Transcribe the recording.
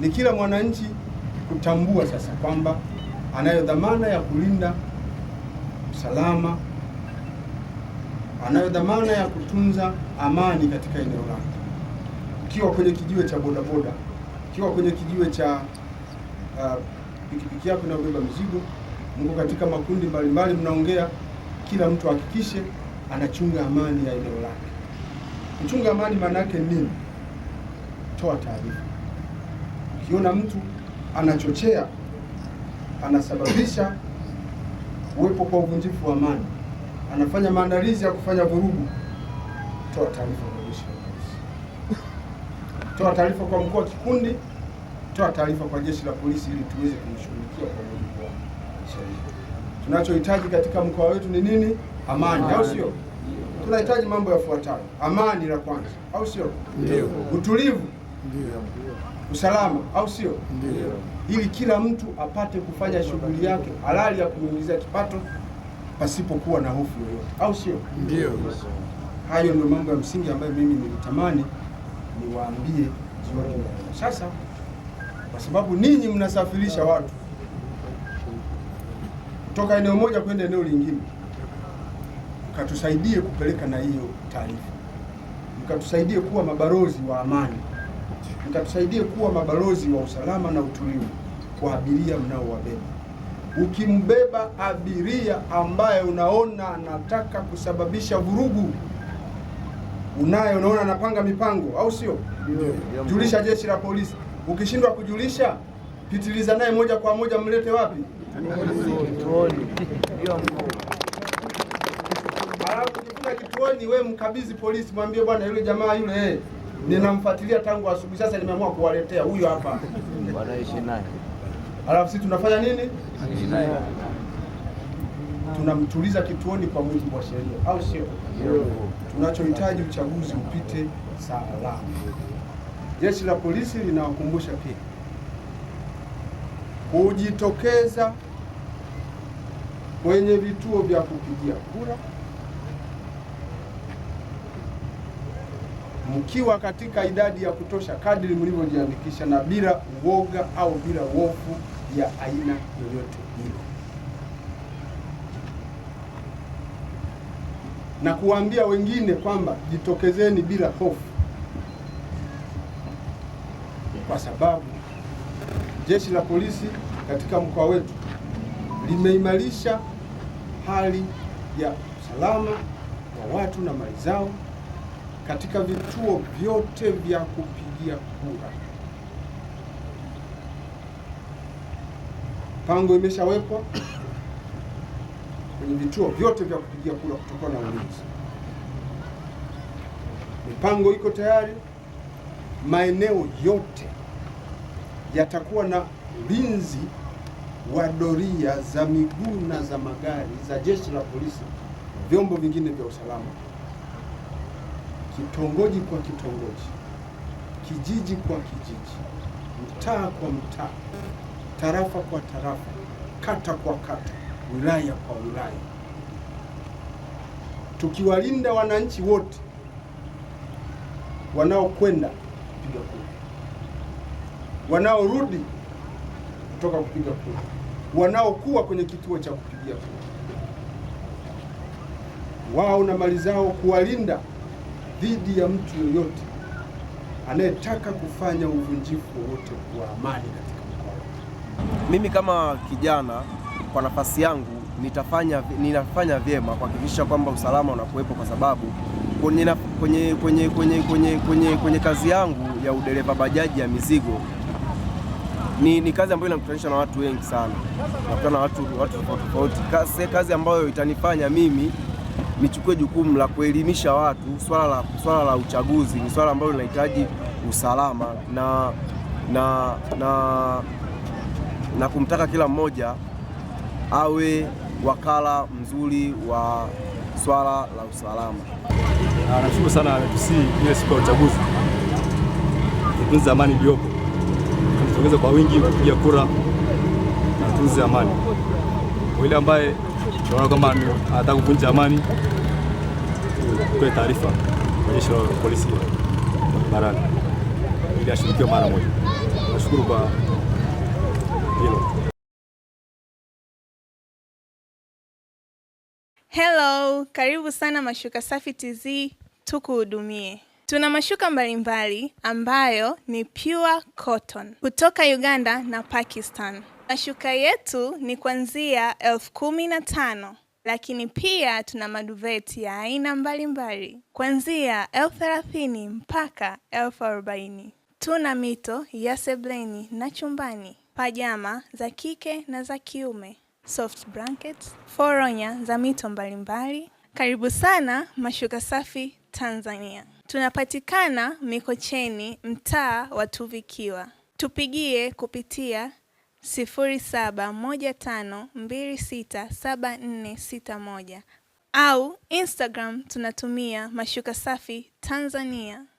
ni kila mwananchi kutambua sasa kwamba anayo dhamana ya kulinda usalama, anayo dhamana ya kutunza amani katika eneo lake, ukiwa kwenye kijiwe cha bodaboda, ukiwa kwenye kijiwe cha uh, pikipiki yako inayobeba mizigo, mko katika makundi mbalimbali mnaongea, kila mtu hakikishe anachunga amani ya eneo lake. Kuchunga amani maana yake nini? Toa taarifa ukiona mtu anachochea, anasababisha uwepo kwa uvunjifu wa amani, anafanya maandalizi ya kufanya vurugu, toa taarifa kwa jeshi la polisi, toa taarifa kwa mkuu wa kikundi, toa taarifa kwa jeshi la polisi ili tuweze kumshughulikia kwa mujibu wa sheria. Tunachohitaji katika mkoa wetu ni nini? Amani, au sio? Tunahitaji mambo yafuatayo: amani la kwanza, au sio? Ndio. Utulivu, ndio usalama, au sio? Ili kila mtu apate kufanya shughuli yake halali ya kumuingizia kipato pasipokuwa na hofu yoyote, au sio? Ndiyo. Hayo ndio mambo ya msingi ambayo mimi nilitamani niwaambie jioni leo. Sasa kwa sababu ninyi mnasafirisha watu kutoka eneo moja kwenda eneo lingine, mkatusaidie kupeleka na hiyo taarifa, mkatusaidie kuwa mabalozi wa amani mkatusaidie kuwa mabalozi wa usalama na utulivu kwa abiria mnaowabeba. Ukimbeba abiria ambaye unaona anataka kusababisha vurugu, unaye unaona anapanga mipango, au sio? Julisha jeshi la polisi. Ukishindwa kujulisha, pitiliza naye moja kwa moja, mlete wapi? kituoni, we mkabidhi polisi, mwambie bwana, yule jamaa yule eh, ninamfuatilia tangu asubuhi, sasa nimeamua kuwaletea huyu hapa wanaishi naye. Alafu sisi tunafanya nini? Tunamtuliza kituoni kwa mujibu wa sheria, au sio? Tunachohitaji uchaguzi upite salama. Jeshi la polisi linawakumbusha pia kujitokeza kwenye vituo vya kupigia kura mkiwa katika idadi ya kutosha kadri mlivyojiandikisha, na bila uoga au bila uofu ya aina yoyote ile, na kuwaambia wengine kwamba jitokezeni bila hofu, kwa sababu jeshi la polisi katika mkoa wetu limeimarisha hali ya usalama wa watu na mali zao katika vituo vyote vya kupigia kura. Pango imeshawekwa kwenye vituo vyote vya kupigia kura kutokana na ulinzi. Mipango iko tayari, maeneo yote yatakuwa na ulinzi wa doria za miguu na za magari za jeshi la polisi, vyombo vingine vya usalama kitongoji kwa kitongoji, kijiji kwa kijiji, mtaa kwa mtaa, tarafa kwa tarafa, kata kwa kata, wilaya kwa wilaya, tukiwalinda wananchi wote wanaokwenda kupiga kura, wanaorudi kutoka kupiga kura, wanaokuwa kwenye kituo cha kupigia kura, wao na mali zao, kuwalinda dhidi ya mtu yoyote anayetaka kufanya uvunjifu wowote wa amani katika mkoa Mimi kama kijana kwa nafasi yangu nitafanya, ninafanya vyema kuhakikisha kwamba usalama unakuwepo kwa sababu kwenye, kwenye, kwenye, kwenye, kwenye, kwenye, kwenye kazi yangu ya udereva bajaji ya mizigo ni, ni kazi ambayo inakutanisha na watu wengi sana, nakutana na watu watu tofauti, kazi ambayo itanifanya mimi nichukue jukumu la kuelimisha watu. Swala la, swala la uchaguzi ni swala ambalo linahitaji usalama na, na, na, na kumtaka kila mmoja awe wakala mzuri wa swala la usalama. Ah, nashukuru sana RPC ile siku ya uchaguzi tutunze amani iliyopo, tujitokeze kwa wingi kupiga kura na tutunze amani. Kwa ile ambaye tunaona kwamba anataka kuvunja amani, tutoe taarifa kwa jeshi la polisi barani ili ashirikiwe mara moja. Nashukuru kwa hilo. Hello, karibu sana Mashuka Safi TZ tukuhudumie. Tuna mashuka mbalimbali ambayo ni pure cotton kutoka Uganda na Pakistan. Mashuka yetu ni kuanzia elfu kumi na tano lakini pia tuna maduveti ya aina mbalimbali kuanzia elfu thelathini mpaka elfu arobaini. Tuna mito ya sebleni na chumbani, pajama za kike na za kiume, soft blankets, foronya za mito mbalimbali. Karibu sana Mashuka Safi Tanzania. Tunapatikana Mikocheni, mtaa wa Tuvikiwa. Tupigie kupitia 0715267461 au Instagram tunatumia Mashuka Safi Tanzania.